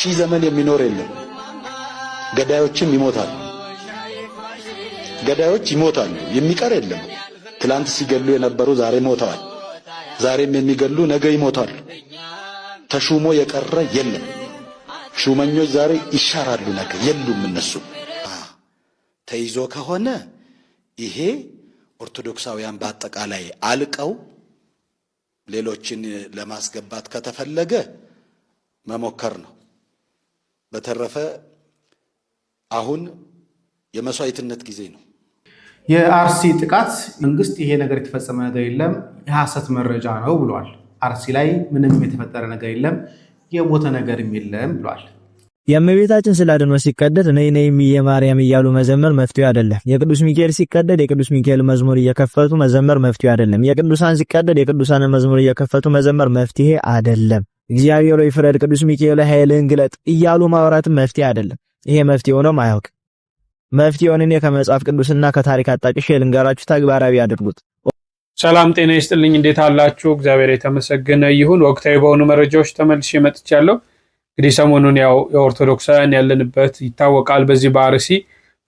ሺህ ዘመን የሚኖር የለም። ገዳዮችም ይሞታሉ። ገዳዮች ይሞታሉ፣ የሚቀር የለም። ትላንት ሲገሉ የነበሩ ዛሬ ሞተዋል። ዛሬም የሚገሉ ነገ ይሞታሉ። ተሹሞ የቀረ የለም። ሹመኞች ዛሬ ይሻራሉ፣ ነገ የሉም እነሱ። ተይዞ ከሆነ ይሄ ኦርቶዶክሳውያን በአጠቃላይ አልቀው ሌሎችን ለማስገባት ከተፈለገ መሞከር ነው። በተረፈ አሁን የመስዋዕትነት ጊዜ ነው። የአርሲ ጥቃት መንግስት ይሄ ነገር የተፈጸመ ነገር የለም የሐሰት መረጃ ነው ብሏል። አርሲ ላይ ምንም የተፈጠረ ነገር የለም የሞተ ነገርም የለም ብሏል። የእመቤታችን ስላድኖ ሲቀደድ ነይ ነይ እምዬ ማርያም እያሉ መዘመር መፍትሄ አይደለም። የቅዱስ ሚካኤል ሲቀደድ የቅዱስ ሚካኤል መዝሙር እየከፈቱ መዘመር መፍትሄ አይደለም። የቅዱሳን ሲቀደድ የቅዱሳንን መዝሙር እየከፈቱ መዘመር መፍትሄ አይደለም። እግዚአብሔር ወይ ፍረድ፣ ቅዱስ ሚካኤል ኃይልህን ግለጥ እያሉ ማውራት መፍትሄ አይደለም። ይሄ መፍትሄ ሆኖም አያውቅ። መፍትሄውን እኔ ከመጽሐፍ ቅዱስና ከታሪክ አጣቅሼ ልንገራችሁ፣ ተግባራዊ አድርጉት። ሰላም ጤና ይስጥልኝ። እንዴት አላችሁ? እግዚአብሔር የተመሰገነ ይሁን። ወቅታዊ በሆኑ መረጃዎች ተመልሼ መጥቻለሁ። እንግዲህ ሰሞኑን ያው የኦርቶዶክሳውያን ያለንበት ይታወቃል። በዚህ በአርሲ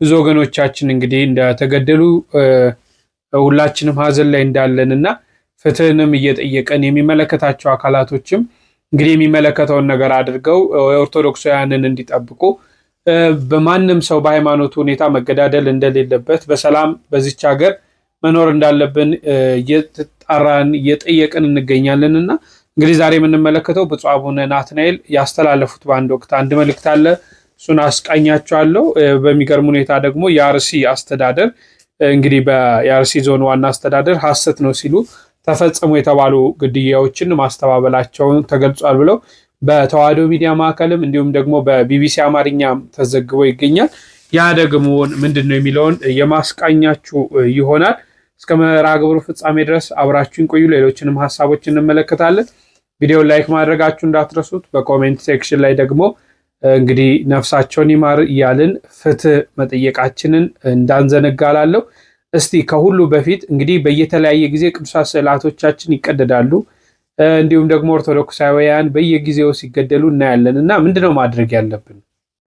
ብዙ ወገኖቻችን እንግዲህ እንደተገደሉ ሁላችንም ሀዘን ላይ እንዳለንና ፍትህንም እየጠየቀን የሚመለከታቸው አካላቶችም እንግዲህ የሚመለከተውን ነገር አድርገው ኦርቶዶክሳውያንን እንዲጠብቁ በማንም ሰው በሃይማኖቱ ሁኔታ መገዳደል እንደሌለበት በሰላም በዚች ሀገር መኖር እንዳለብን እየተጣራን እየጠየቅን እንገኛለን እና እንግዲህ ዛሬ የምንመለከተው ብፁዕ አቡነ ናትናኤል ያስተላለፉት በአንድ ወቅት አንድ መልእክት አለ። እሱን አስቃኛቸዋለሁ። በሚገርም ሁኔታ ደግሞ የአርሲ አስተዳደር እንግዲህ የአርሲ ዞን ዋና አስተዳደር ሀሰት ነው ሲሉ ተፈጸሙ የተባሉ ግድያዎችን ማስተባበላቸውን ተገልጿል ብለው በተዋህዶ ሚዲያ ማዕከልም እንዲሁም ደግሞ በቢቢሲ አማርኛ ተዘግቦ ይገኛል። ያ ደግሞን ምንድን ነው የሚለውን የማስቃኛችሁ ይሆናል። እስከ መርሃ ግብሩ ፍጻሜ ድረስ አብራችሁን ቆዩ። ሌሎችንም ሀሳቦች እንመለከታለን። ቪዲዮን ላይክ ማድረጋችሁ እንዳትረሱት። በኮሜንት ሴክሽን ላይ ደግሞ እንግዲህ ነፍሳቸውን ይማር እያልን ፍትህ መጠየቃችንን እንዳንዘነጋላለሁ። እስቲ ከሁሉ በፊት እንግዲህ በየተለያየ ጊዜ ቅዱሳት ስዕላቶቻችን ይቀደዳሉ፣ እንዲሁም ደግሞ ኦርቶዶክሳውያን በየጊዜው ሲገደሉ እናያለን እና ምንድነው ማድረግ ያለብን?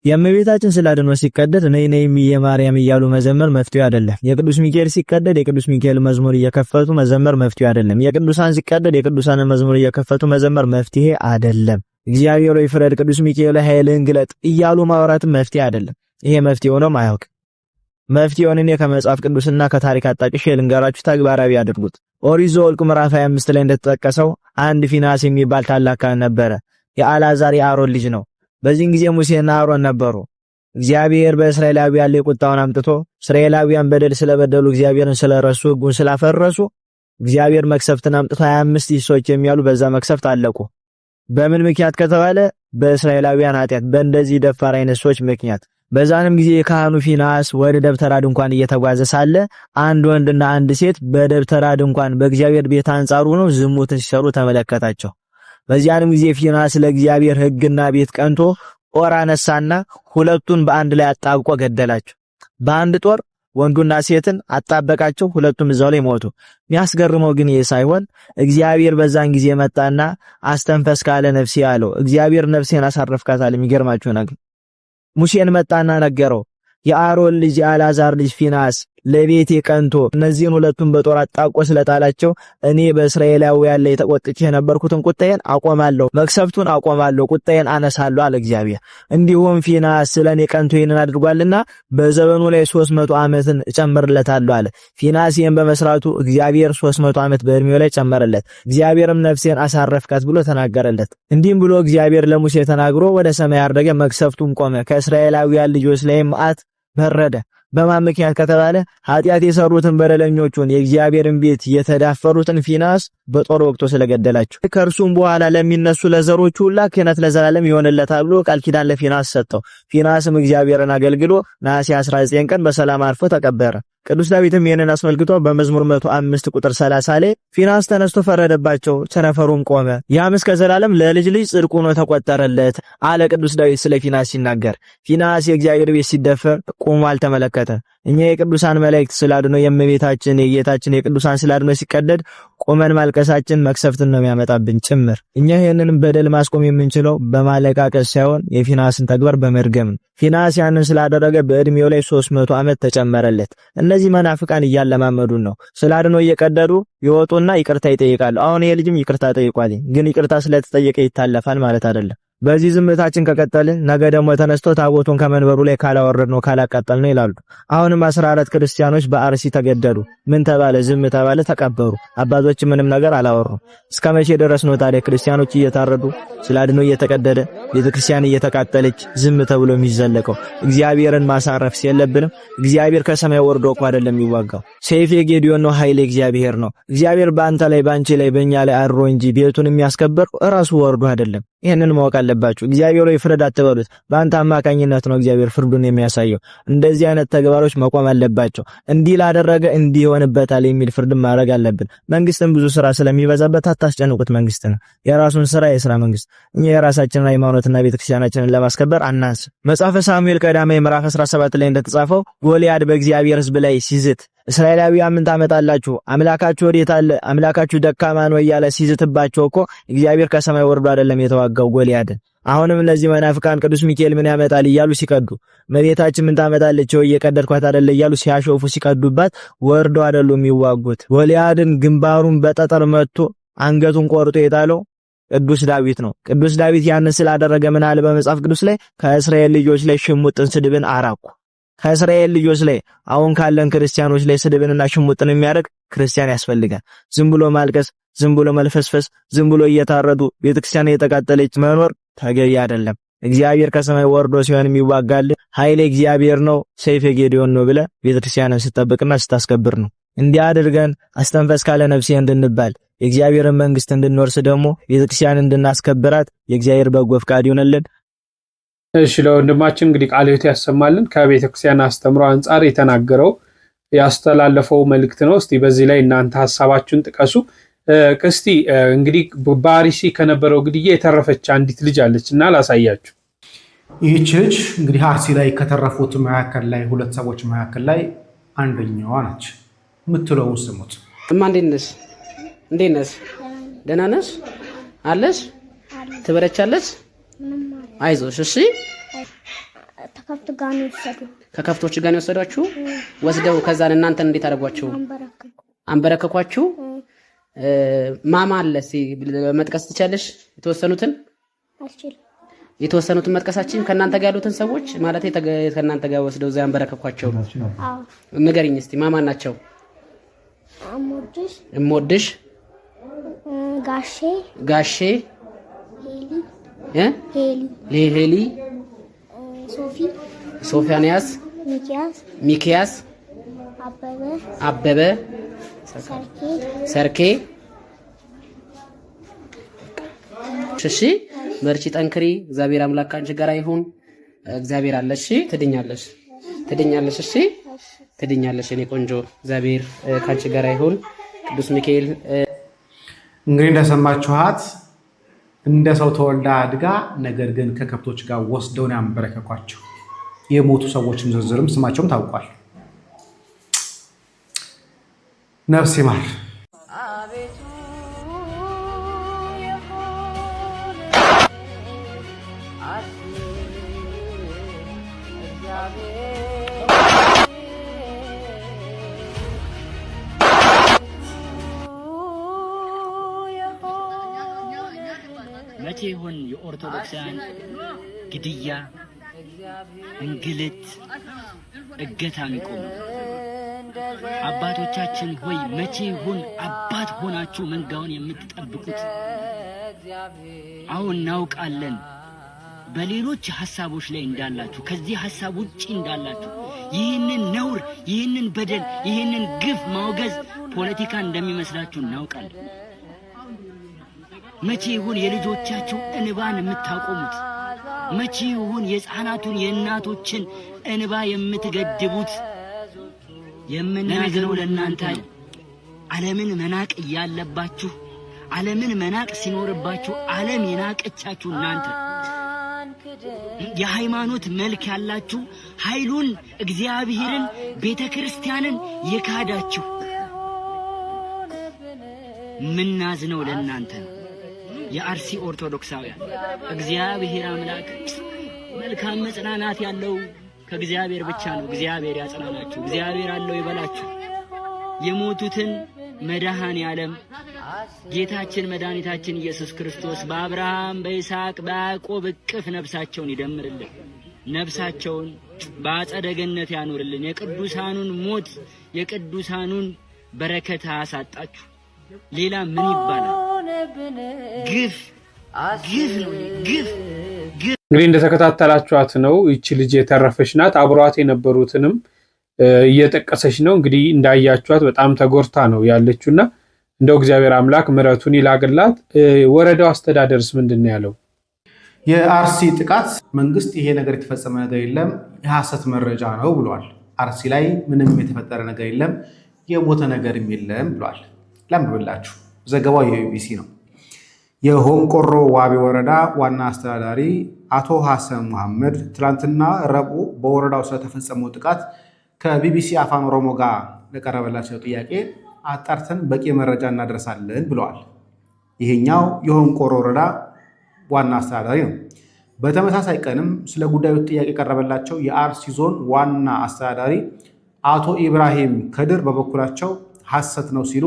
የእመቤታችን ስዕል አድኖ ሲቀደድ ነይ ነይ እምዬ ማርያም እያሉ መዘመር መፍትሄ አይደለም። የቅዱስ ሚካኤል ሲቀደድ የቅዱስ ሚካኤል መዝሙር እየከፈቱ መዘመር መፍትሄ አይደለም። የቅዱሳን ሲቀደድ የቅዱሳን መዝሙር እየከፈቱ መዘመር መፍትሄ አይደለም። እግዚአብሔር ሆይ ፍረድ፣ ቅዱስ ሚካኤል ኃይልህን ግለጥ እያሉ ማውራት መፍትሄ አይደለም። ይሄ መፍትሄ ሆኖም አያውቅ መፍትሄውን እኔ ከመጽሐፍ ቅዱስና ከታሪክ አጣቅሼ ልንገራችሁ፣ ተግባራዊ አድርጉት። ኦሪት ዘኍልቍ ምዕራፍ 25 ላይ እንደተጠቀሰው አንድ ፊናስ የሚባል ታላቅ ካህን ነበረ። የአልዓዛር የአሮን ልጅ ነው። በዚህን ጊዜ ሙሴና አሮን ነበሩ። እግዚአብሔር በእስራኤላውያን ላይ ቁጣውን አምጥቶ እስራኤላውያን በደል ስለበደሉ እግዚአብሔርን ስለረሱ ሕጉን ስላፈረሱ እግዚአብሔር መክሰፍትን አምጥቶ 25 ሰዎች የሚያሉ በዛ መክሰፍት አለቁ። በምን ምክንያት ከተባለ በእስራኤላውያን ኃጢአት፣ በእንደዚህ ደፋር አይነት ሰዎች ምክንያት በዛንም ጊዜ የካህኑ ፊናስ ወደ ደብተራ ድንኳን እየተጓዘ ሳለ አንድ ወንድና አንድ ሴት በደብተራ ድንኳን በእግዚአብሔር ቤት አንጻሩ ነው ዝሙት ሲሰሩ ተመለከታቸው። በዚያንም ጊዜ ፊናስ ለእግዚአብሔር ሕግና ቤት ቀንቶ ጦር አነሳና ሁለቱን በአንድ ላይ አጣብቆ ገደላቸው። በአንድ ጦር ወንዱና ሴትን አጣበቃቸው። ሁለቱም እዛው ላይ ሞቱ። የሚያስገርመው ግን ይህ ሳይሆን እግዚአብሔር በዛን ጊዜ መጣና አስተንፈስ ካለ ነፍሴ አለው። እግዚአብሔር ነፍሴን አሳረፍካታል። የሚገርማችሁ ነገር ሙሴን መጣና ነገረው። የአሮን ልጅ የአልዓዛር ልጅ ፊናስ ለቤቴ ቀንቶ እነዚህን ሁለቱን በጦር አጣቆ ስለጣላቸው እኔ በእስራኤላውያን ላይ ተቆጥቼ የነበርኩትን ቁጣዬን አቆማለሁ፣ መቅሰፍቱን አቆማለሁ፣ ቁጣዬን አነሳለሁ አለ እግዚአብሔር። እንዲሁም ፊናስ ስለ እኔ ቀንቶ ይህንን አድርጓልና በዘመኑ ላይ ሶስት መቶ ዓመትን እጨምርለታለሁ አለ። ፊናስ ይህን በመስራቱ እግዚአብሔር ሶስት መቶ ዓመት በእድሜው ላይ ጨመረለት። እግዚአብሔርም ነፍሴን አሳረፍካት ብሎ ተናገረለት። እንዲህም ብሎ እግዚአብሔር ለሙሴ ተናግሮ ወደ ሰማይ አረገ፣ መቅሰፍቱም ቆመ። ከእስራኤላውያን ልጆች ላይ መዓት በረደ። በማን ምክንያት ከተባለ ኃጢአት የሰሩትን በደለኞቹን የእግዚአብሔርን ቤት የተዳፈሩትን ፊናስ በጦር ወቅቶ ስለገደላቸው ከእርሱም በኋላ ለሚነሱ ለዘሮቹ ሁላ ክህነት ለዘላለም ይሆንለታል ብሎ ቃል ኪዳን ለፊናስ ሰጠው። ፊናስም እግዚአብሔርን አገልግሎ ነሐሴ 19 ቀን በሰላም አርፎ ተቀበረ። ቅዱስ ዳዊትም ይህንን አስመልክቶ በመዝሙር 105 ቁጥር 30 ላይ ፊናስ ተነስቶ ፈረደባቸው፣ ቸነፈሩም ቆመ። ያም እስከ ዘላለም ለልጅ ልጅ ጽድቁ ሆኖ ተቆጠረለት አለ ቅዱስ ዳዊት ስለ ፊናስ ሲናገር። ፊናስ የእግዚአብሔር ቤት ሲደፈር ቆሞ አልተመለከተ። እኛ የቅዱሳን መላእክት ስላድኖ የእመቤታችን የጌታችን የቅዱሳን ስላድኖ ሲቀደድ ቆመን ማልቀሳችን መክሰፍትን ነው የሚያመጣብን ጭምር። እኛ ይህንን በደል ማስቆም የምንችለው በማለቃቀስ ሳይሆን የፊናስን ተግባር በመርገም ነው። ፊናስ ያንን ስላደረገ በእድሜው ላይ 300 ዓመት ተጨመረለት። እነዚህ መናፍቃን እያለማመዱን ነው፣ ስላድኖ እየቀደዱ ይወጡ እና ይቅርታ ይጠይቃሉ። አሁን ይሄ ልጅም ይቅርታ ጠይቋል። ግን ይቅርታ ስለተጠየቀ ይታለፋል ማለት አይደለም። በዚህ ዝምታችን ከቀጠልን ነገ ደግሞ ተነስቶ ታቦቱን ከመንበሩ ላይ ካላወረድ ነው ካላቃጠል ነው ይላሉ። አሁንም 14 ክርስቲያኖች በአርሲ ተገደሉ። ምን ተባለ? ዝም ተባለ፣ ተቀበሩ። አባቶች ምንም ነገር አላወሩ። እስከ መቼ ድረስ ነው ታዲያ ክርስቲያኖች እየታረዱ ስላድነው እየተቀደደ ቤተክርስቲያን እየተቃጠለች ዝም ተብሎ የሚዘለቀው? እግዚአብሔርን ማሳረፍ ሲለብንም እግዚአብሔር ከሰማይ ወርዶ እኮ አይደለም የሚዋጋው። ሰይፍ የጌዲዮን ነው፣ ኃይል እግዚአብሔር ነው። እግዚአብሔር በአንተ ላይ በአንቺ ላይ በእኛ ላይ አድሮ እንጂ ቤቱን የሚያስከበር እራሱ ወርዶ አይደለም። ይህንን ማወቅ አለባችሁ። እግዚአብሔር ሆይ ፍረድ አትበሉት። በአንተ አማካኝነት ነው እግዚአብሔር ፍርዱን የሚያሳየው። እንደዚህ አይነት ተግባሮች መቆም አለባቸው። እንዲህ ላደረገ እንዲህ ይሆንበታል የሚል ፍርድ ማድረግ አለብን። መንግስትን ብዙ ስራ ስለሚበዛበት አታስጨንቁት። መንግስት የራሱን ስራ የስራ መንግስት። እኛ የራሳችንን ሃይማኖትና ቤተክርስቲያናችንን ለማስከበር አናንስ። መጽሐፈ ሳሙኤል ቀዳማዊ ምዕራፍ 17 ላይ እንደተጻፈው ጎልያድ በእግዚአብሔር ሕዝብ ላይ ሲዝት እስራኤላዊያን ምን ታመጣላችሁ? አምላካችሁ ወዴት አለ? አምላካችሁ ደካማ ነው እያለ ሲዝትባቸው እኮ እግዚአብሔር ከሰማይ ወርዶ አይደለም የተዋጋው ጎልያድን። አሁንም እነዚህ መናፍቃን ቅዱስ ሚካኤል ምን ያመጣል እያሉ ሲቀዱ፣ መቤታችን ምን ታመጣለች ወይ እየቀደድኳት አይደለ እያሉ ሲያሾፉ ሲቀዱባት፣ ወርዶ አይደሉም የሚዋጉት። ጎልያድን ግንባሩን በጠጠር መጥቶ አንገቱን ቆርጦ የጣለው ቅዱስ ዳዊት ነው። ቅዱስ ዳዊት ያንን ስላደረገ ምን አለ በመጽሐፍ ቅዱስ ላይ ከእስራኤል ልጆች ላይ ሽሙጥን ስድብን አራኩ ከእስራኤል ልጆች ላይ አሁን ካለን ክርስቲያኖች ላይ ስድብንና ሽሙጥን የሚያደርግ ክርስቲያን ያስፈልጋል። ዝም ብሎ ማልቀስ፣ ዝም ብሎ መልፈስፈስ፣ ዝም ብሎ እየታረዱ ቤተክርስቲያን እየተቃጠለች መኖር ተገቢ አይደለም። እግዚአብሔር ከሰማይ ወርዶ ሲሆን የሚዋጋል ኃይል እግዚአብሔር ነው፣ ሰይፍ ጌዲዮን ነው ብለ ቤተክርስቲያንን ስጠብቅና ስታስከብር ነው። እንዲህ አድርገን አስተንፈስ ካለ ነፍሴ እንድንባል የእግዚአብሔርን መንግስት እንድንወርስ ደግሞ ቤተክርስቲያን እንድናስከብራት የእግዚአብሔር በጎ ፍቃድ ይሆነልን። እሺ ለወንድማችን እንግዲህ ቃለ ሕይወት ያሰማልን። ከቤተክርስቲያን አስተምሮ አንጻር የተናገረው ያስተላለፈው መልእክት ነው። እስቲ በዚህ ላይ እናንተ ሀሳባችሁን ጥቀሱ። ቅስቲ እንግዲህ በአርሲ ከነበረው ግድያ የተረፈች አንዲት ልጅ አለች እና ላሳያችሁ። ይህች ልጅ እንግዲህ አርሲ ላይ ከተረፉት መካከል ላይ ሁለት ሰዎች መካከል ላይ አንደኛዋ ናች። የምትለውን ስሙት። እማ እንዴት ነሽ? እንዴት ነሽ? ደህና ነሽ? አለሽ? ትበረቻለሽ? አይዞሽ። እሺ ከከብቶች ጋር ነው የወሰዷችሁ? ወስደው ከዛን እናንተን እንዴት አደረጓችሁ? አንበረከኳችሁ? ማማ አለ መጥቀስ ትቻለሽ? የተወሰኑትን የተወሰኑትን መጥቀሳችን ከእናንተ ጋር ያሉትን ሰዎች ማለት ከእናንተ ጋር ወስደው እዚያ አንበረከኳቸው ንገሪኝ እስቲ ማማን ናቸው? እምወድሽ ጋሼ ጋሼ ሄሊ፣ ሶፊያንያስ፣ ሚኪያስ፣ አበበ፣ ሰርኬ። እሺ መርቺ ጠንክሪ። እግዚአብሔር አምላክ አንቺ ጋር ይሁን። እግዚአብሔር አለ። እሺ ትድኛለሽ፣ ትድኛለሽ። እሺ ትድኛለሽ፣ እኔ ቆንጆ። እግዚአብሔር ካንቺ ጋር ይሁን። ቅዱስ ሚካኤል እንግዲህ እንደሰማችኋት እንደ ሰው ተወልዳ አድጋ፣ ነገር ግን ከከብቶች ጋር ወስደውን ያንበረከኳቸው የሞቱ ሰዎችም ዝርዝርም ስማቸውም ታውቋል። ነፍስ ይማር። ይሁን የኦርቶዶክሳውያን ግድያ፣ እንግልት፣ እገታ የሚቆም አባቶቻችን ሆይ መቼ ይሁን አባት ሆናችሁ መንጋውን የምትጠብቁት? አሁን እናውቃለን በሌሎች ሐሳቦች ላይ እንዳላችሁ ከዚህ ሐሳብ ውጪ እንዳላችሁ ይህንን ነውር፣ ይህንን በደል፣ ይህንን ግፍ ማውገዝ ፖለቲካ እንደሚመስላችሁ እናውቃለን። መቼ ይሁን የልጆቻቸው እንባን የምታቆሙት? መቼ ይሁን የሕፃናቱን የእናቶችን እንባ የምትገድቡት? የምናገረው ለእናንተ ዓለምን መናቅ እያለባችሁ ዓለምን መናቅ ሲኖርባችሁ ዓለም የናቀቻችሁ እናንተ የሃይማኖት መልክ ያላችሁ ኃይሉን እግዚአብሔርን ቤተ ክርስቲያንን የካዳችሁ ምናዝነው ለእናንተ ነው። የአርሲ ኦርቶዶክሳውያን እግዚአብሔር አምላክ መልካም መጽናናት ያለው ከእግዚአብሔር ብቻ ነው። እግዚአብሔር ያጽናናችሁ፣ እግዚአብሔር አለው ይበላችሁ። የሞቱትን መድኃኔ ዓለም ጌታችን መድኃኒታችን ኢየሱስ ክርስቶስ በአብርሃም በይስሐቅ በያዕቆብ እቅፍ ነፍሳቸውን ይደምርልን፣ ነፍሳቸውን በአጸደ ገነት ያኑርልን። የቅዱሳኑን ሞት የቅዱሳኑን በረከት አያሳጣችሁ። ሌላ ምን ይባላል? እንግዲህ እንደተከታተላችኋት ነው። ይቺ ልጅ የተረፈች ናት። አብሯት የነበሩትንም እየጠቀሰች ነው። እንግዲህ እንዳያችኋት በጣም ተጎርታ ነው ያለችው እና እንደው እግዚአብሔር አምላክ ምሕረቱን ይላግላት። ወረዳው አስተዳደርስ ምንድን ነው ያለው? የአርሲ ጥቃት መንግስት ይሄ ነገር የተፈጸመ ነገር የለም የሐሰት መረጃ ነው ብሏል። አርሲ ላይ ምንም የተፈጠረ ነገር የለም የሞተ ነገርም የለም ብሏል። ለምብላችሁ ዘገባው የቢቢሲ ነው። የሆንቆሮ ዋቢ ወረዳ ዋና አስተዳዳሪ አቶ ሐሰን መሐመድ ትላንትና ረቡዕ በወረዳው ስለተፈጸመው ጥቃት ከቢቢሲ አፋን ኦሮሞ ጋር ለቀረበላቸው ጥያቄ አጣርተን በቂ መረጃ እናደርሳለን ብለዋል። ይሄኛው የሆንቆሮ ወረዳ ዋና አስተዳዳሪ ነው። በተመሳሳይ ቀንም ስለ ጉዳዩ ጥያቄ የቀረበላቸው የአርሲ ዞን ዋና አስተዳዳሪ አቶ ኢብራሂም ከድር በበኩላቸው ሐሰት ነው ሲሉ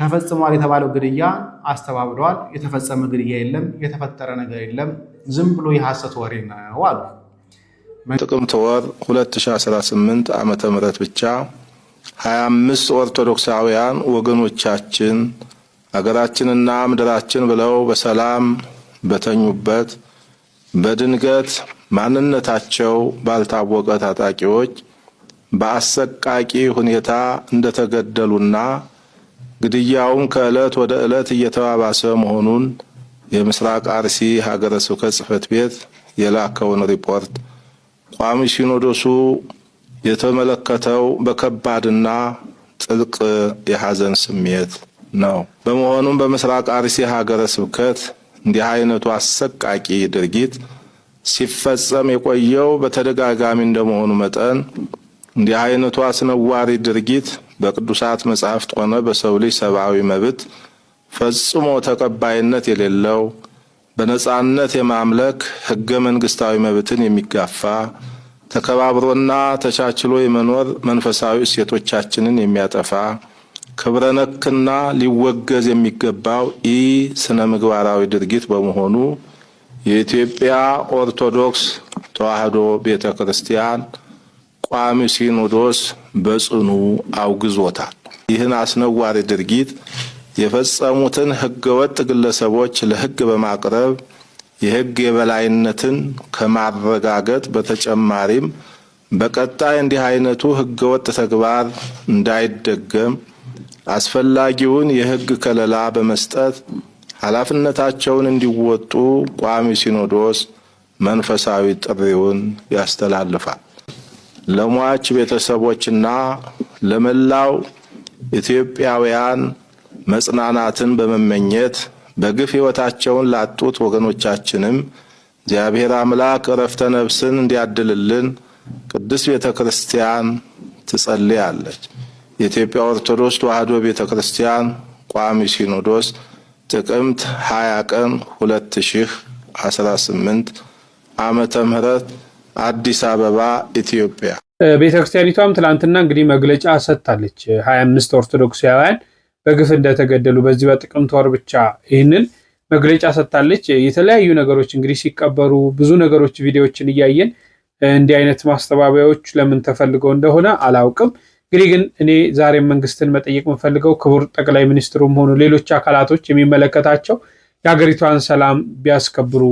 ተፈጽሟል የተባለው ግድያ አስተባብለዋል። የተፈጸመ ግድያ የለም፣ የተፈጠረ ነገር የለም፣ ዝም ብሎ የሐሰት ወሬ ነው አሉ። ጥቅምት ወር 2018 ዓመተ ምህረት ብቻ 25 ኦርቶዶክሳውያን ወገኖቻችን አገራችንና ምድራችን ብለው በሰላም በተኙበት በድንገት ማንነታቸው ባልታወቀ ታጣቂዎች በአሰቃቂ ሁኔታ እንደተገደሉና ግድያውም ከዕለት ወደ ዕለት እየተባባሰ መሆኑን የምስራቅ አርሲ ሀገረ ስብከት ጽሕፈት ቤት የላከውን ሪፖርት ቋሚ ሲኖዶሱ የተመለከተው በከባድና ጥልቅ የሐዘን ስሜት ነው። በመሆኑም በምስራቅ አርሲ ሀገረ ስብከት እንዲህ አይነቱ አሰቃቂ ድርጊት ሲፈጸም የቆየው በተደጋጋሚ እንደመሆኑ መጠን እንዲህ አይነቱ አስነዋሪ ድርጊት በቅዱሳት መጻሕፍት ሆነ በሰው ልጅ ሰብአዊ መብት ፈጽሞ ተቀባይነት የሌለው በነጻነት የማምለክ ህገ መንግስታዊ መብትን የሚጋፋ ተከባብሮና ተቻችሎ የመኖር መንፈሳዊ እሴቶቻችንን የሚያጠፋ ክብረ ነክና ሊወገዝ የሚገባው ኢ ስነ ምግባራዊ ድርጊት በመሆኑ የኢትዮጵያ ኦርቶዶክስ ተዋሕዶ ቤተ ክርስቲያን ቋሚ ሲኖዶስ በጽኑ አውግዞታል። ይህን አስነዋሪ ድርጊት የፈጸሙትን ህገወጥ ግለሰቦች ለህግ በማቅረብ የህግ የበላይነትን ከማረጋገጥ በተጨማሪም በቀጣይ እንዲህ አይነቱ ህገወጥ ተግባር እንዳይደገም አስፈላጊውን የህግ ከለላ በመስጠት ኃላፊነታቸውን እንዲወጡ ቋሚ ሲኖዶስ መንፈሳዊ ጥሪውን ያስተላልፋል። ለሟች ቤተሰቦችና ለመላው ኢትዮጵያውያን መጽናናትን በመመኘት በግፍ ሕይወታቸውን ላጡት ወገኖቻችንም እግዚአብሔር አምላክ እረፍተ ነፍስን እንዲያድልልን ቅድስት ቤተ ክርስቲያን ትጸልያለች። የኢትዮጵያ ኦርቶዶክስ ተዋሕዶ ቤተ ክርስቲያን ቋሚ ሲኖዶስ ጥቅምት 20 ቀን 2018 ዓመተ ምህረት አዲስ አበባ ኢትዮጵያ። ቤተክርስቲያኒቷም ትላንትና እንግዲህ መግለጫ ሰጥታለች። ሀያ አምስት ኦርቶዶክሳውያን በግፍ እንደተገደሉ በዚህ በጥቅምት ወር ብቻ ይህንን መግለጫ ሰጥታለች። የተለያዩ ነገሮች እንግዲህ ሲቀበሩ ብዙ ነገሮች ቪዲዮዎችን እያየን እንዲህ አይነት ማስተባበያዎች ለምን ተፈልገው እንደሆነ አላውቅም። እንግዲህ ግን እኔ ዛሬ መንግስትን መጠየቅ የምፈልገው ክቡር ጠቅላይ ሚኒስትሩም ሆኑ ሌሎች አካላቶች የሚመለከታቸው የሀገሪቷን ሰላም ቢያስከብሩ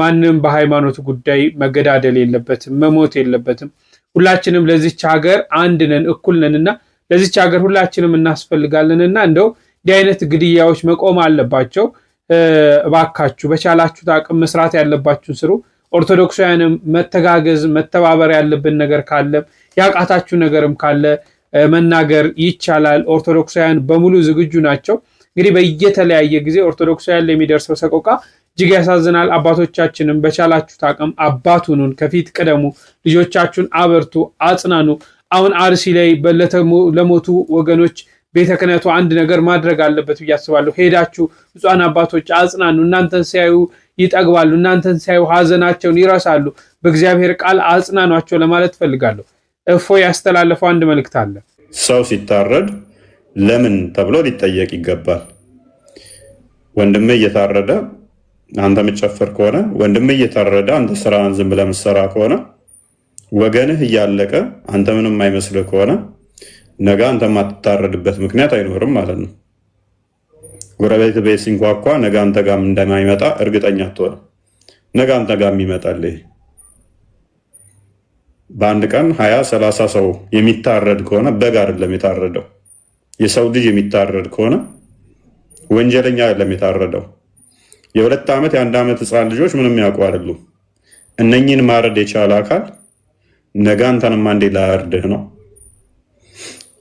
ማንም በሃይማኖት ጉዳይ መገዳደል የለበትም፣ መሞት የለበትም። ሁላችንም ለዚች ሀገር አንድ ነን፣ እኩል ነን እና ለዚች ሀገር ሁላችንም እናስፈልጋለን እና እንደው እንዲህ አይነት ግድያዎች መቆም አለባቸው። እባካችሁ በቻላችሁት አቅም መስራት ያለባችሁን ስሩ። ኦርቶዶክሳውያንም መተጋገዝ መተባበር ያለብን ነገር ካለ ያቃታችሁ ነገርም ካለ መናገር ይቻላል። ኦርቶዶክሳውያን በሙሉ ዝግጁ ናቸው። እንግዲህ በየተለያየ ጊዜ ኦርቶዶክሳውያን ለሚደርሰው ሰቆቃ እጅግ ያሳዝናል። አባቶቻችንም በቻላችሁት አቅም አባት ሁኑን፣ ከፊት ቅደሙ፣ ልጆቻችሁን አበርቱ፣ አጽናኑ። አሁን አርሲ ላይ ለሞቱ ወገኖች ቤተ ክህነቱ አንድ ነገር ማድረግ አለበት ብዬ አስባለሁ። ሄዳችሁ ብፁዓን አባቶች አጽናኑ። እናንተን ሲያዩ ይጠግባሉ። እናንተን ሲያዩ ሀዘናቸውን ይረሳሉ። በእግዚአብሔር ቃል አጽናኗቸው ለማለት ፈልጋለሁ። እፎ ያስተላለፈው አንድ መልእክት አለ። ሰው ሲታረድ ለምን ተብሎ ሊጠየቅ ይገባል። ወንድሜ እየታረደ አንተ የምትጨፍር ከሆነ ወንድም እየታረደ አንተ ስራ ዝም ብለህ የምትሰራ ከሆነ ወገንህ እያለቀ አንተ ምንም የማይመስልህ ከሆነ ነገ አንተ የማትታረድበት ምክንያት አይኖርም ማለት ነው። ጎረቤት ቤት ሲንኳኳ ነገ አንተ ጋም እንደማይመጣ እርግጠኛ አትሆንም። ነገ አንተ ጋም ይመጣል። በአንድ ቀን ሀያ ሰላሳ ሰው የሚታረድ ከሆነ በግ አይደለም የታረደው። የሰው ልጅ የሚታረድ ከሆነ ወንጀለኛ አይደለም የታረደው የሁለት ዓመት የአንድ ዓመት ህፃን ልጆች ምንም ያውቁ አይደሉም። እነኝን ማረድ የቻለ አካል ነገ አንተንም አንዴ ላያርድህ ነው።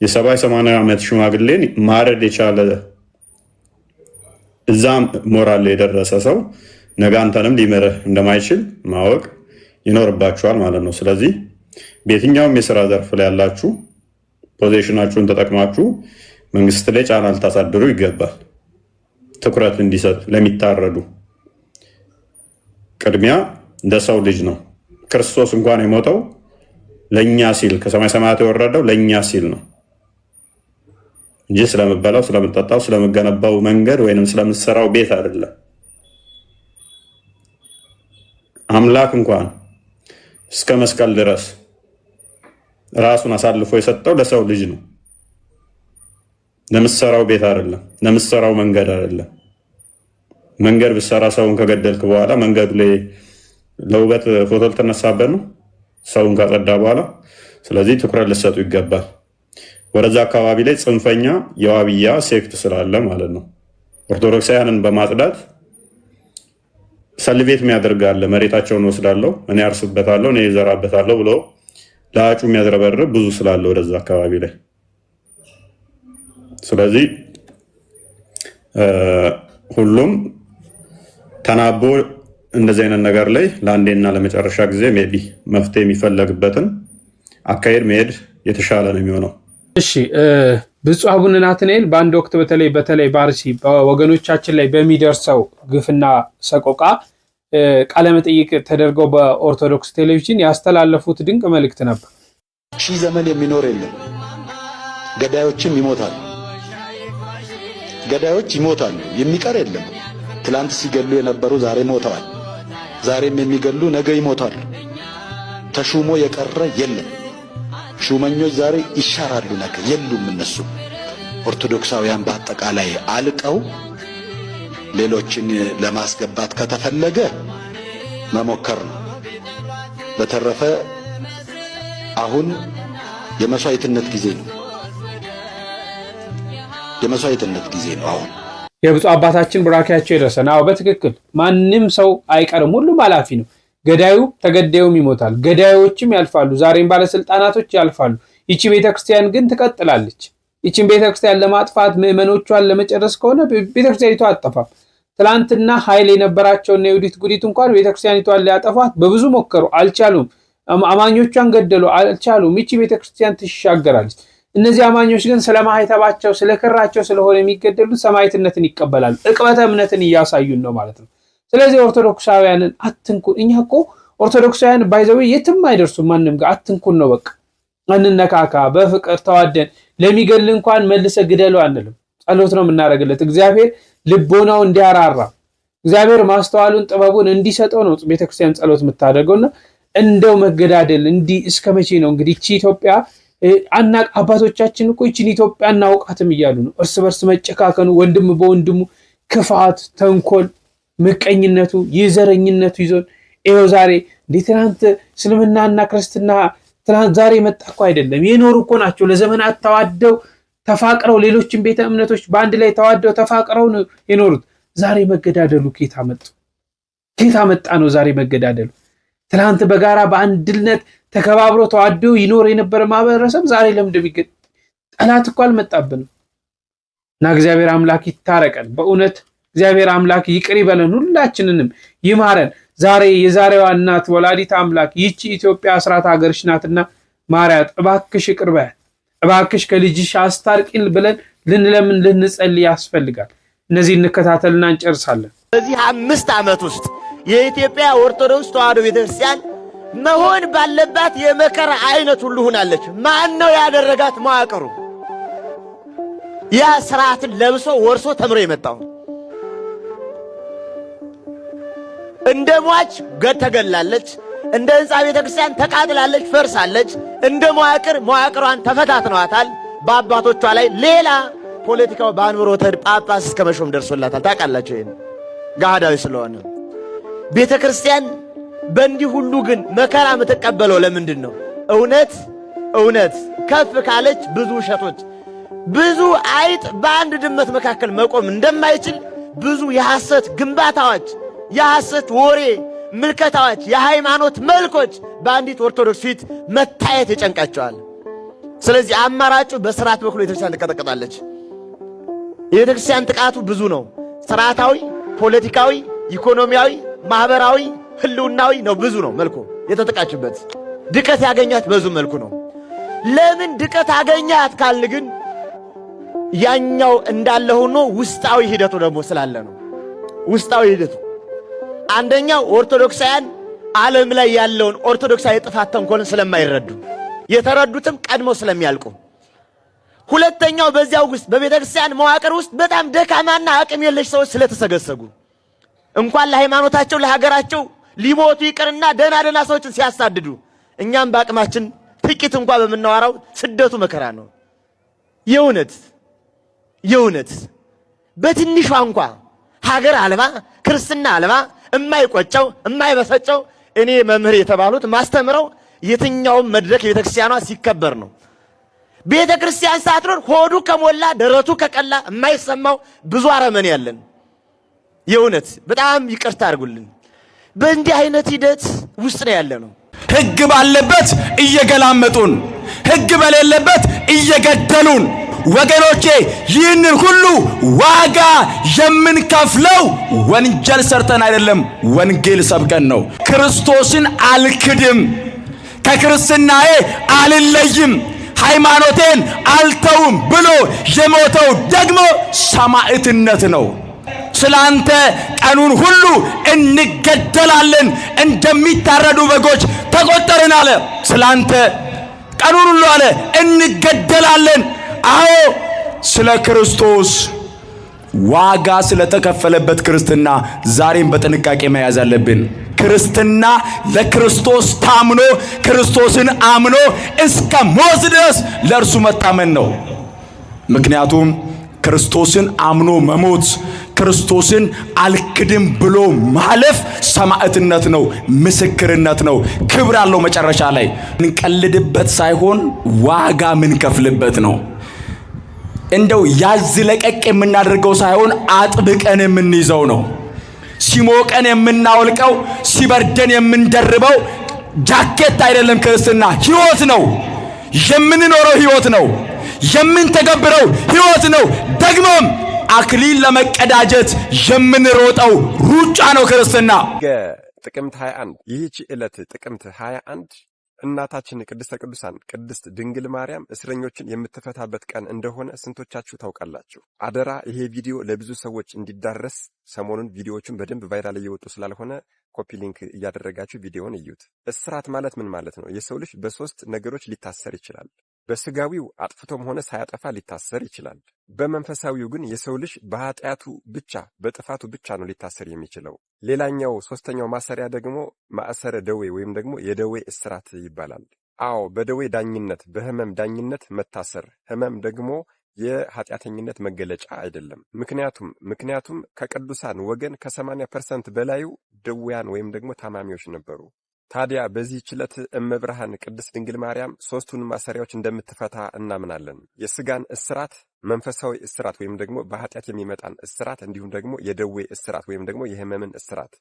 የሰባ ሰማንያ ዓመት ሽማግሌን ማረድ የቻለ እዛም ሞራል የደረሰ ሰው ነገ አንተንም ሊምርህ እንደማይችል ማወቅ ይኖርባችኋል ማለት ነው። ስለዚህ በየትኛውም የስራ ዘርፍ ላይ ያላችሁ ፖዚሽናችሁን ተጠቅማችሁ መንግስት ላይ ጫና ልታሳድሩ ይገባል። ትኩረት እንዲሰጥ ለሚታረዱ ቅድሚያ ለሰው ልጅ ነው። ክርስቶስ እንኳን የሞተው ለእኛ ሲል ከሰማይ ሰማያት የወረደው ለእኛ ሲል ነው እንጂ ስለምበላው፣ ስለምጠጣው፣ ስለምገነባው መንገድ ወይም ስለምሰራው ቤት አይደለም። አምላክ እንኳን እስከ መስቀል ድረስ ራሱን አሳልፎ የሰጠው ለሰው ልጅ ነው። ለምሰራው ቤት አይደለም፣ ለምሰራው መንገድ አይደለም። መንገድ ብሰራ ሰውን ከገደልክ በኋላ መንገዱ ላይ ለውበት ፎቶ ልትነሳበት ነው፣ ሰውን ከጸዳ በኋላ። ስለዚህ ትኩረት ልሰጡ ይገባል። ወደዛ አካባቢ ላይ ጽንፈኛ የዋብያ ሴክት ስላለ ማለት ነው። ኦርቶዶክሳውያንን በማጽዳት ሰልቤት የሚያደርጋለ መሬታቸውን ወስዳለው እኔ አርስበታለሁ፣ እኔ ይዘራበታለሁ ብሎ ለአጩ የሚያዝረበርብ ብዙ ስላለ ወደዛ አካባቢ ላይ ስለዚህ ሁሉም ተናቦ እንደዚህ አይነት ነገር ላይ ለአንዴና ለመጨረሻ ጊዜ ሜይ ቢ መፍትሄ የሚፈለግበትን አካሄድ መሄድ የተሻለ ነው የሚሆነው። እሺ ብፁዕ አቡነ ናትናኤል በአንድ ወቅት በተለይ በተለይ በአርሲ በወገኖቻችን ላይ በሚደርሰው ግፍና ሰቆቃ ቃለመጠይቅ ተደርገው በኦርቶዶክስ ቴሌቪዥን ያስተላለፉት ድንቅ መልእክት ነበር። ሺህ ዘመን የሚኖር የለም ገዳዮችም ይሞታል። ገዳዮች ይሞታሉ፣ የሚቀር የለም። ትላንት ሲገሉ የነበሩ ዛሬ ሞተዋል። ዛሬም የሚገሉ ነገ ይሞታሉ። ተሹሞ የቀረ የለም። ሹመኞች ዛሬ ይሻራሉ፣ ነገ የሉም። እነሱ ኦርቶዶክሳውያን በአጠቃላይ አልቀው ሌሎችን ለማስገባት ከተፈለገ መሞከር ነው። በተረፈ አሁን የመስዋዕትነት ጊዜ ነው። የመስዋዕትነት ጊዜ ነው አሁን። የብፁ አባታችን ቡራኬያቸው የደረሰን። አዎ በትክክል ማንም ሰው አይቀርም። ሁሉም ኃላፊ ነው። ገዳዩ ተገዳዩም ይሞታል። ገዳዮችም ያልፋሉ። ዛሬም ባለስልጣናቶች ያልፋሉ። ይቺ ቤተክርስቲያን ግን ትቀጥላለች። ይችን ቤተክርስቲያን ለማጥፋት ምዕመኖቿን ለመጨረስ ከሆነ ቤተክርስቲያኒቷ አጠፋም። ትላንትና ኃይል የነበራቸውና የዩዲት ጉዲት እንኳን ቤተክርስቲያኒቷን ሊያጠፏት በብዙ ሞከሩ፣ አልቻሉም። አማኞቿን ገደሉ፣ አልቻሉም። ይቺ ቤተክርስቲያን ትሻገራለች። እነዚህ አማኞች ግን ስለ ማህተባቸው ስለ ክራቸው ስለሆነ የሚገደሉት ሰማዕትነትን ይቀበላሉ። እቅበተ እምነትን እያሳዩን ነው ማለት ነው። ስለዚህ ኦርቶዶክሳውያንን አትንኩን። እኛ እኮ ኦርቶዶክሳውያን ባይዘዊ የትም አይደርሱም። ማንም ጋር አትንኩን ነው በቃ። አንነካካ፣ በፍቅር ተዋደን። ለሚገድል እንኳን መልሰ ግደለው አንልም። ጸሎት ነው የምናደርግለት። እግዚአብሔር ልቦናው እንዲያራራ እግዚአብሔር ማስተዋሉን ጥበቡን እንዲሰጠው ነው ቤተክርስቲያን ጸሎት የምታደርገውና እንደው መገዳደል እንዲህ እስከ መቼ ነው እንግዲህ ኢትዮጵያ አና አባቶቻችን እኮ ይችን ኢትዮጵያ እናውቃትም እያሉ ነው። እርስ በርስ መጨካከኑ፣ ወንድም በወንድሙ ክፋት፣ ተንኮል፣ ምቀኝነቱ፣ ይዘረኝነቱ ይዞን ይኸው ዛሬ እንዴ ትናንት እስልምናና ክርስትና ትናንት ዛሬ መጣ እኮ አይደለም የኖሩ እኮ ናቸው። ለዘመናት ተዋደው ተፋቅረው፣ ሌሎችን ቤተ እምነቶች በአንድ ላይ ተዋደው ተፋቅረው ነው የኖሩት። ዛሬ መገዳደሉ ኬታ መጡ ኬታ መጣ ነው ዛሬ መገዳደሉ ትናንት በጋራ በአንድነት ተከባብሮ ተዋዶ ይኖር የነበረ ማህበረሰብ ዛሬ ለምድ የሚገኝ? ጠላት እኮ አልመጣብንም እና እግዚአብሔር አምላክ ይታረቀን። በእውነት እግዚአብሔር አምላክ ይቅር ይበለን፣ ሁላችንንም ይማረን። ዛሬ የዛሬዋ እናት ወላዲት አምላክ ይቺ ኢትዮጵያ አስራት ሀገርሽ ናትና ማርያት እባክሽ ይቅር በያት፣ እባክሽ ከልጅሽ አስታርቂን ብለን ልንለምን ልንጸል ያስፈልጋል። እነዚህ እንከታተልና እንጨርሳለን። በዚህ አምስት ዓመት ውስጥ የኢትዮጵያ ኦርቶዶክስ ተዋህዶ ቤተክርስቲያን መሆን ባለባት የመከራ አይነት ሁሉ ሆናለች። ማን ነው ያደረጋት? መዋቅሩ ያ ስርዓትን ለብሶ ወርሶ ተምሮ የመጣው እንደ ሟች ተገላለች። እንደ ህንፃ ቤተ ክርስቲያን ተቃጥላለች፣ ፈርሳለች። እንደ መዋቅር መዋቅሯን ተፈታትነዋታል። በአባቶቿ ላይ ሌላ ፖለቲካው በአንብሮተ ጳጳስ እስከ መሾም ደርሶላታል። ታውቃላችሁ፣ ይህን ገሃዳዊ ስለሆነ ቤተ ክርስቲያን በእንዲህ ሁሉ ግን መከራ የምትቀበለው ለምንድን ነው? እውነት እውነት ከፍ ካለች ብዙ እሸቶች ብዙ አይጥ በአንድ ድመት መካከል መቆም እንደማይችል ብዙ የሐሰት ግንባታዎች፣ የሐሰት ወሬ ምልከታዎች፣ የሃይማኖት መልኮች በአንዲት ኦርቶዶክስ ፊት መታየት ይጨንቃቸዋል። ስለዚህ አማራጩ በስርዓት በኩል ቤተክርስቲያን ትቀጠቀጣለች። የቤተክርስቲያን ጥቃቱ ብዙ ነው። ስርዓታዊ፣ ፖለቲካዊ፣ ኢኮኖሚያዊ፣ ማኅበራዊ ህልውናዊ ነው። ብዙ ነው መልኩ የተጠቃችበት ድቀት ያገኛት በዙ መልኩ ነው። ለምን ድቀት አገኛት ካልን ግን ያኛው እንዳለ ሆኖ ውስጣዊ ሂደቱ ደግሞ ስላለ ነው። ውስጣዊ ሂደቱ አንደኛው ኦርቶዶክሳውያን ዓለም ላይ ያለውን ኦርቶዶክሳዊ ጥፋት ተንኮልን ስለማይረዱ የተረዱትም ቀድሞ ስለሚያልቁ፣ ሁለተኛው በዚያው ውስጥ በቤተ ክርስቲያን መዋቅር ውስጥ በጣም ደካማና አቅም የለሽ ሰዎች ስለተሰገሰጉ እንኳን ለሃይማኖታቸው ለሀገራቸው ሊሞቱ ይቅርና ደና ደና ሰዎችን ሲያሳድዱ፣ እኛም በአቅማችን ጥቂት እንኳ በምናወራው ስደቱ መከራ ነው። የእውነት የእውነት በትንሿ እንኳ ሀገር አልባ ክርስትና አልባ እማይቆጨው እማይበሰጨው እኔ መምህር የተባሉት ማስተምረው የትኛውም መድረክ የቤተ ክርስቲያኗ ሲከበር ነው። ቤተ ክርስቲያን ሳትኖር ሆዱ ከሞላ ደረቱ ከቀላ የማይሰማው ብዙ አረመኔ ያለን የእውነት በጣም ይቅርታ አድርጉልን። በእንዲህ አይነት ሂደት ውስጥ ነው ያለ ነው። ህግ ባለበት እየገላመጡን፣ ህግ በሌለበት እየገደሉን። ወገኖቼ ይህንን ሁሉ ዋጋ የምንከፍለው ወንጀል ሰርተን አይደለም፣ ወንጌል ሰብከን ነው። ክርስቶስን አልክድም፣ ከክርስትናዬ አልለይም፣ ሃይማኖቴን አልተውም ብሎ የሞተው ደግሞ ሰማዕትነት ነው። ስለ አንተ ቀኑን ሁሉ እንገደላለን፣ እንደሚታረዱ በጎች ተቆጠርን አለ። ስለ አንተ ቀኑን ሁሉ አለ እንገደላለን። አዎ ስለ ክርስቶስ ዋጋ ስለተከፈለበት ክርስትና ዛሬም በጥንቃቄ መያዝ አለብን። ክርስትና ለክርስቶስ ታምኖ ክርስቶስን አምኖ እስከ ሞት ድረስ ለእርሱ መታመን ነው። ምክንያቱም ክርስቶስን አምኖ መሞት፣ ክርስቶስን አልክድም ብሎ ማለፍ ሰማዕትነት ነው፣ ምስክርነት ነው፣ ክብር አለው። መጨረሻ ላይ እንቀልድበት ሳይሆን ዋጋ ምንከፍልበት ነው። እንደው ያዝ ለቀቅ የምናደርገው ሳይሆን አጥብቀን የምንይዘው ነው። ሲሞቀን የምናወልቀው፣ ሲበርደን የምንደርበው ጃኬት አይደለም። ክርስትና ሕይወት ነው። የምንኖረው ሕይወት ነው። የምንተገብረው ህይወት ነው። ደግሞም አክሊል ለመቀዳጀት የምንሮጠው ሩጫ ነው ክርስትና። ጥቅምት 21 ይህች ዕለት ጥቅምት 21 እናታችን ቅድስተ ቅዱሳን ቅድስት ድንግል ማርያም እስረኞችን የምትፈታበት ቀን እንደሆነ ስንቶቻችሁ ታውቃላችሁ? አደራ ይሄ ቪዲዮ ለብዙ ሰዎች እንዲዳረስ ሰሞኑን ቪዲዮዎቹን በደንብ ቫይራል እየወጡ ስላልሆነ ኮፒ ሊንክ እያደረጋችሁ ቪዲዮውን እዩት። እስራት ማለት ምን ማለት ነው? የሰው ልጅ በሶስት ነገሮች ሊታሰር ይችላል። በሥጋዊው አጥፍቶም ሆነ ሳያጠፋ ሊታሰር ይችላል። በመንፈሳዊው ግን የሰው ልጅ በኃጢአቱ ብቻ በጥፋቱ ብቻ ነው ሊታሰር የሚችለው። ሌላኛው ሦስተኛው ማሰሪያ ደግሞ ማዕሰረ ደዌ ወይም ደግሞ የደዌ እስራት ይባላል። አዎ በደዌ ዳኝነት፣ በህመም ዳኝነት መታሰር። ህመም ደግሞ የኃጢአተኝነት መገለጫ አይደለም። ምክንያቱም ምክንያቱም ከቅዱሳን ወገን ከሰማንያ ፐርሰንት በላዩ ደዌያን ወይም ደግሞ ታማሚዎች ነበሩ። ታዲያ በዚህ ችለት እመብርሃን ቅድስት ድንግል ማርያም ሦስቱን ማሰሪያዎች እንደምትፈታ እናምናለን። የሥጋን እስራት፣ መንፈሳዊ እስራት ወይም ደግሞ በኃጢአት የሚመጣን እስራት፣ እንዲሁም ደግሞ የደዌ እስራት ወይም ደግሞ የህመምን እስራት፣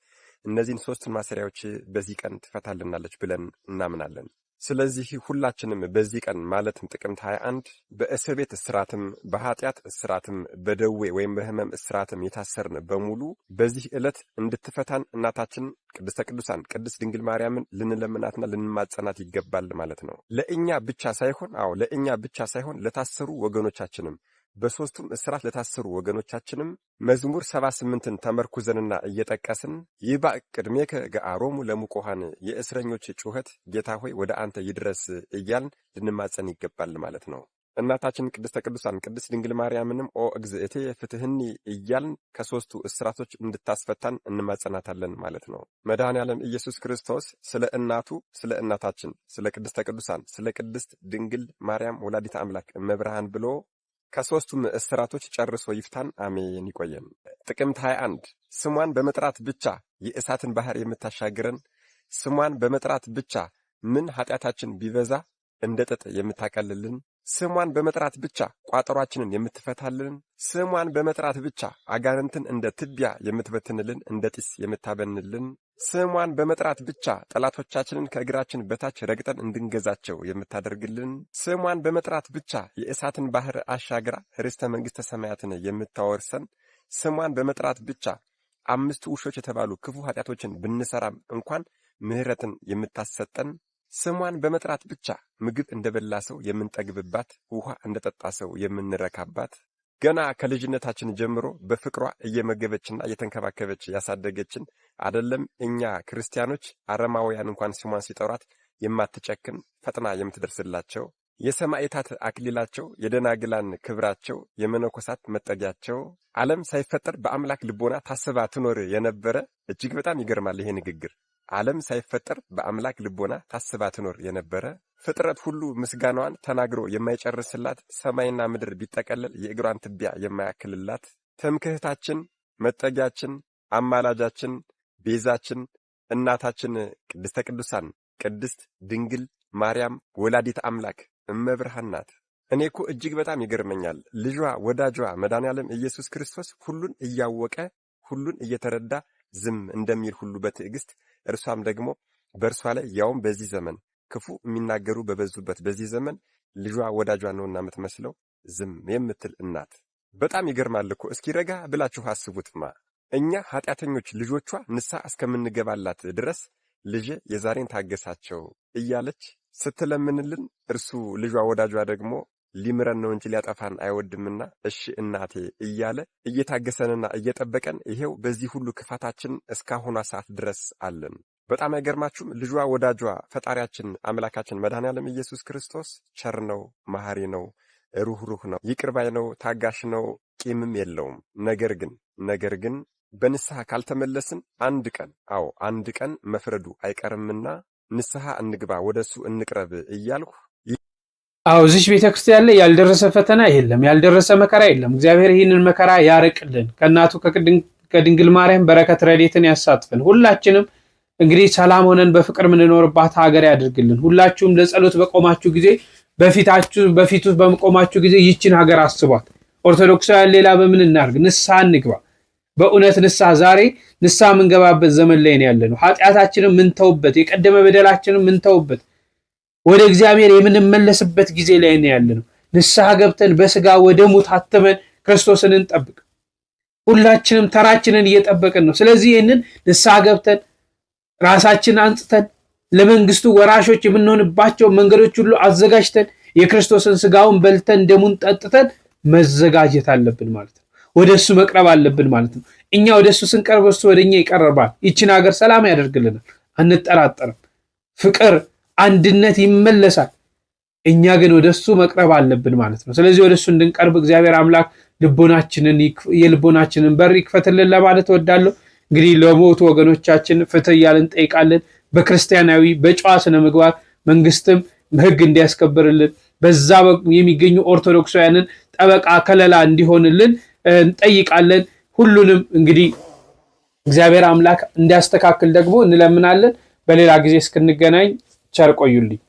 እነዚህን ሦስቱን ማሰሪያዎች በዚህ ቀን ትፈታልናለች ብለን እናምናለን። ስለዚህ ሁላችንም በዚህ ቀን ማለትም ጥቅምት 21 በእስር ቤት እስራትም በኃጢአት እስራትም በደዌ ወይም በህመም እስራትም የታሰርን በሙሉ በዚህ ዕለት እንድትፈታን እናታችን ቅድስተ ቅዱሳን ቅድስት ድንግል ማርያምን ልንለምናትና ልንማጸናት ይገባል ማለት ነው። ለእኛ ብቻ ሳይሆን አዎ ለእኛ ብቻ ሳይሆን ለታሰሩ ወገኖቻችንም በሦስቱም እስራት ለታሰሩ ወገኖቻችንም መዝሙር ሰባ ስምንትን ተመርኩዘንና እየጠቀስን ይህ ባቅድሜ ከገአሮሙ ለሙቆሃን የእስረኞች ጩኸት ጌታ ሆይ ወደ አንተ ይድረስ እያልን ልንማጸን ይገባል ማለት ነው። እናታችን ቅድስተ ቅዱሳን ቅድስት ድንግል ማርያምንም ኦ እግዝእቴ ፍትህኒ እያልን ከሦስቱ እስራቶች እንድታስፈታን እንማጸናታለን ማለት ነው። መድኃኔ ዓለም ኢየሱስ ክርስቶስ ስለ እናቱ ስለ እናታችን ስለ ቅድስተ ቅዱሳን ስለ ቅድስት ድንግል ማርያም ወላዲት አምላክ እመብርሃን ብሎ ከሶስቱ እስራቶች ጨርሶ ይፍታን። አሜን። ይቆየን። ጥቅምት 21 ስሟን በመጥራት ብቻ የእሳትን ባሕር የምታሻግረን ስሟን በመጥራት ብቻ ምን ኃጢአታችን ቢበዛ እንደ ጥጥ የምታቀልልን ስሟን በመጥራት ብቻ ቋጠሯችንን የምትፈታልን ስሟን በመጥራት ብቻ አጋንንትን እንደ ትቢያ የምትበትንልን እንደ ጢስ የምታበንልን ስሟን በመጥራት ብቻ ጠላቶቻችንን ከእግራችን በታች ረግጠን እንድንገዛቸው የምታደርግልን ስሟን በመጥራት ብቻ የእሳትን ባህር አሻግራ ርስተ መንግሥተ ሰማያትን የምታወርሰን ስሟን በመጥራት ብቻ አምስቱ ውሾች የተባሉ ክፉ ኃጢአቶችን ብንሰራም እንኳን ምሕረትን የምታሰጠን ስሟን በመጥራት ብቻ ምግብ እንደበላ ሰው የምንጠግብባት፣ ውኃ እንደጠጣ ሰው የምንረካባት፣ ገና ከልጅነታችን ጀምሮ በፍቅሯ እየመገበችና እየተንከባከበች ያሳደገችን አደለም እኛ ክርስቲያኖች አረማውያን እንኳን ስሟን ሲጠሯት የማትጨክን ፈጥና የምትደርስላቸው የሰማዕታት አክሊላቸው፣ የደናግላን ክብራቸው፣ የመነኮሳት መጠጊያቸው ዓለም ሳይፈጠር በአምላክ ልቦና ታስባ ትኖር የነበረ እጅግ በጣም ይገርማል ይሄ ንግግር። ዓለም ሳይፈጠር በአምላክ ልቦና ታስባ ትኖር የነበረ ፍጥረት ሁሉ ምስጋናዋን ተናግሮ የማይጨርስላት ሰማይና ምድር ቢጠቀለል የእግሯን ትቢያ የማያክልላት ትምክህታችን፣ መጠጊያችን፣ አማላጃችን፣ ቤዛችን፣ እናታችን ቅድስተ ቅዱሳን ቅድስት ድንግል ማርያም ወላዲት አምላክ እመብርሃን ናት። እኔ እኮ እጅግ በጣም ይገርመኛል። ልጇ ወዳጇ መድኃኔዓለም ኢየሱስ ክርስቶስ ሁሉን እያወቀ ሁሉን እየተረዳ ዝም እንደሚል ሁሉ በትዕግስት እርሷም ደግሞ በእርሷ ላይ ያውም በዚህ ዘመን ክፉ የሚናገሩ በበዙበት በዚህ ዘመን ልጇ ወዳጇ ነውና የምትመስለው ዝም የምትል እናት በጣም ይገርማል እኮ። እስኪ ረጋ ብላችሁ አስቡትማ። እኛ ኃጢአተኞች ልጆቿ ንስሐ እስከምንገባላት ድረስ ልጄ የዛሬን ታገሳቸው እያለች ስትለምንልን፣ እርሱ ልጇ ወዳጇ ደግሞ ሊምረን ነው እንጂ ሊያጠፋን አይወድምና እሺ እናቴ እያለ እየታገሰንና እየጠበቀን ይሄው በዚህ ሁሉ ክፋታችን እስካሁኗ ሰዓት ድረስ አለን። በጣም አይገርማችሁም? ልጇ ወዳጇ ፈጣሪያችን አምላካችን መድኃኔዓለም ኢየሱስ ክርስቶስ ቸር ነው፣ መሐሪ ነው፣ ሩህሩህ ነው፣ ይቅርባይ ነው፣ ታጋሽ ነው፣ ቂምም የለውም። ነገር ግን ነገር ግን በንስሐ ካልተመለስን አንድ ቀን አዎ አንድ ቀን መፍረዱ አይቀርምና ንስሐ እንግባ፣ ወደ እሱ እንቅረብ እያልሁ አዎ እዚች ቤተ ክርስቲያን ላይ ያልደረሰ ፈተና የለም፣ ያልደረሰ መከራ የለም። እግዚአብሔር ይህንን መከራ ያርቅልን፣ ከእናቱ ከድንግል ማርያም በረከት ረዴትን ያሳትፍን ሁላችንም እንግዲህ ሰላም ሆነን በፍቅር የምንኖርባት ሀገር ያድርግልን። ሁላችሁም ለጸሎት በቆማችሁ ጊዜ በፊታችሁ በፊቱ በመቆማችሁ ጊዜ ይችን ሀገር አስቧት። ኦርቶዶክሳውያን ሌላ በምን እናርግ? ንስሐ እንግባ። በእውነት ንስሐ ዛሬ ንስሐ የምንገባበት ዘመን ላይ ነው ያለ ነው። ኃጢአታችንም ምንተውበት፣ የቀደመ በደላችንም ምንተውበት፣ ወደ እግዚአብሔር የምንመለስበት ጊዜ ላይ ነው ያለ ነው። ንስሐ ገብተን በስጋ ወደ ሙት አትመን ክርስቶስን እንጠብቅ። ሁላችንም ተራችንን እየጠበቅን ነው። ስለዚህ ይህንን ንስሐ ገብተን ራሳችን አንጽተን ለመንግስቱ ወራሾች የምንሆንባቸው መንገዶች ሁሉ አዘጋጅተን የክርስቶስን ስጋውን በልተን ደሙን ጠጥተን መዘጋጀት አለብን ማለት ነው። ወደ እሱ መቅረብ አለብን ማለት ነው። እኛ ወደ እሱ ስንቀርብ እሱ ወደ እኛ ይቀርባል። ይችን ሀገር ሰላም ያደርግልናል፣ አንጠራጠርም። ፍቅር፣ አንድነት ይመለሳል። እኛ ግን ወደ እሱ መቅረብ አለብን ማለት ነው። ስለዚህ ወደ እሱ እንድንቀርብ እግዚአብሔር አምላክ ልቦናችንን የልቦናችንን በር ይክፈትልን ለማለት እወዳለሁ። እንግዲህ ለሞቱ ወገኖቻችን ፍትህ እያልን እንጠይቃለን። በክርስቲያናዊ በጨዋ ስነ ምግባር መንግስትም ህግ እንዲያስከብርልን በዛ የሚገኙ ኦርቶዶክሳውያንን ጠበቃ ከለላ እንዲሆንልን እንጠይቃለን። ሁሉንም እንግዲህ እግዚአብሔር አምላክ እንዲያስተካክል ደግሞ እንለምናለን። በሌላ ጊዜ እስክንገናኝ ቸር ቆዩልኝ።